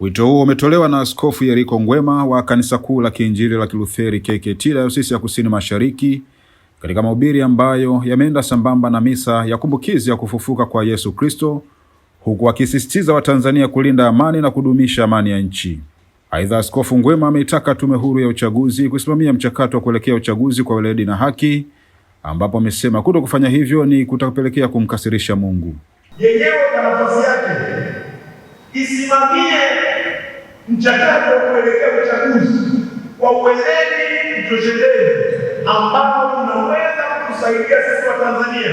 Wito huo umetolewa na Askofu Yeriko Ngwema wa Kanisa Kuu la Kiinjili la Kilutheri KKKT Dayosisi ya Kusini Mashariki katika mahubiri ambayo yameenda sambamba na misa ya kumbukizi ya kufufuka kwa Yesu Kristo huku akisisitiza Watanzania kulinda amani na kudumisha amani ya nchi. Aidha, Askofu Ngwema ameitaka Tume Huru ya Uchaguzi kusimamia mchakato wa kuelekea uchaguzi kwa weledi na haki, ambapo amesema kuto kufanya hivyo ni kutapelekea kumkasirisha Mungu. Yenyewe na nafasi yake isimamie mchakato wa kuelekea uchaguzi kwa uweledi mtoshelezi ambao unaweza kutusaidia sisi wa Tanzania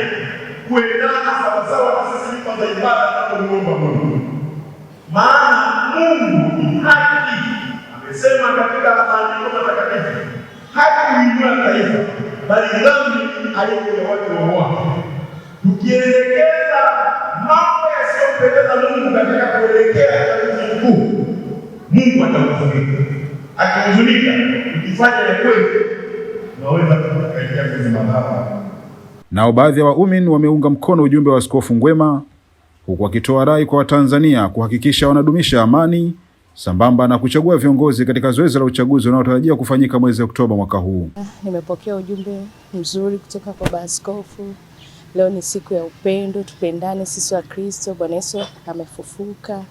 kuendana sawasawa na sisi sifa za ibada tunazomwomba Mungu. Maana Mungu haki amesema katika maandiko matakatifu, haki huijua taifa, bali dhambi aliyokuja watu wauawa tukielekeza unayompendeza Mungu katika kuelekea uchaguzi mkuu, Mungu atakufunika. Akihuzunika ukifanya ya kweli, unaweza kuelekea kwenye madhabahu. Nao baadhi ya waumini wameunga mkono ujumbe wa Askofu Ngwema huku wakitoa rai kwa Watanzania kuhakikisha wanadumisha amani sambamba na kuchagua viongozi katika zoezi la uchaguzi unaotarajiwa kufanyika mwezi Oktoba mwaka huu. Nimepokea ujumbe mzuri kutoka kwa Baaskofu. Leo ni siku ya upendo, tupendane sisi wa Kristo. Bwana Yesu amefufuka.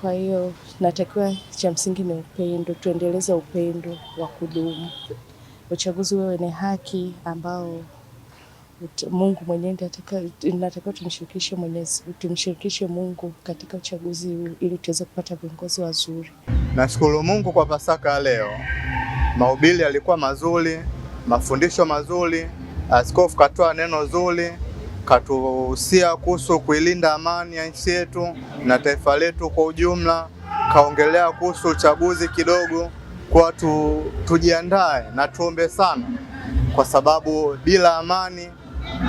Kwa hiyo natakiwa, cha msingi ni upendo, tuendeleze upendo wa kudumu. Uchaguzi wewe ni haki ambao Mungu mwenyewe natakiwa tumshirikishe Mwenyezi, tumshirikishe Mungu katika uchaguzi huu ili tuweze kupata viongozi wazuri. Nashukuru Mungu kwa Pasaka leo, mahubiri yalikuwa mazuri, mafundisho mazuri Askofu katoa neno zuri, katuhusia kuhusu kuilinda amani ya nchi yetu na taifa letu kwa ujumla. Kaongelea kuhusu uchaguzi kidogo, kwa tu, tujiandae na tuombe sana, kwa sababu bila amani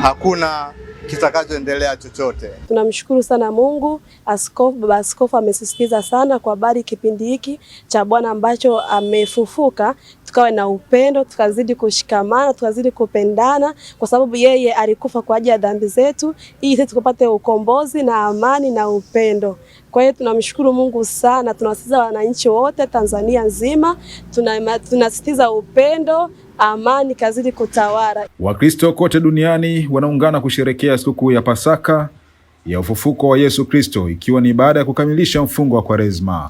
hakuna kitakachoendelea chochote. Tunamshukuru sana Mungu. Askofu, baba askofu amesisitiza sana kwa habari kipindi hiki cha Bwana ambacho amefufuka tukawe na upendo, tukazidi kushikamana, tukazidi kupendana, kwa sababu yeye alikufa kwa ajili ya dhambi zetu ili sisi tukapate ukombozi na amani na upendo. Kwa hiyo tunamshukuru Mungu sana, tunawasitiza wananchi wote Tanzania nzima, tunasitiza upendo, amani kazidi kutawala. Wakristo kote duniani wanaungana kusherekea sikukuu ya Pasaka ya ufufuko wa Yesu Kristo, ikiwa ni baada ya kukamilisha mfungo wa Kwaresma.